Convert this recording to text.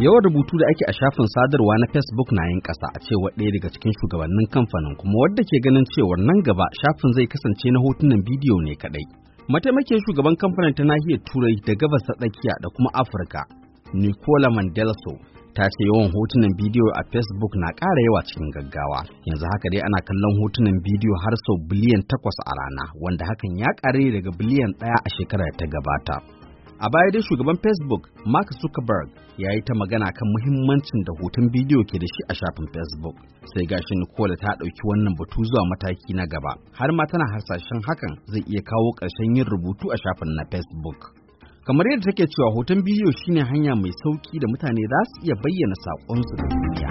Yawan rubutu da ake a shafin sadarwa na Facebook na yin kasa a cewa ɗaya daga cikin shugabannin kamfanin kuma wadda ke ganin cewar nan gaba shafin zai kasance na hotunan bidiyo ne kaɗai. Mataimakin shugaban kamfanin ta nahiyar Turai da gabas ta tsakiya da kuma Afirka, Nicola Mandelso, ta ce yawan hotunan bidiyo a Facebook na ƙara yawa cikin gaggawa. Yanzu haka dai ana kallon hotunan bidiyo har sau biliyan takwas a rana, wanda hakan ya ƙare daga biliyan ɗaya a shekarar ta gabata. A baya dai shugaban Facebook Mark Zuckerberg ya yi ta magana kan muhimmancin da hoton bidiyo ke da shi a shafin Facebook. Sai gashi Nicola ta ɗauki wannan batu zuwa mataki na gaba, har ma tana harsashen hakan zai iya kawo ƙarshen yin rubutu a shafin na Facebook. Kamar yadda take cewa hoton bidiyo shine hanya mai sauƙi da mutane za su iya bayyana saƙonsu da duniya.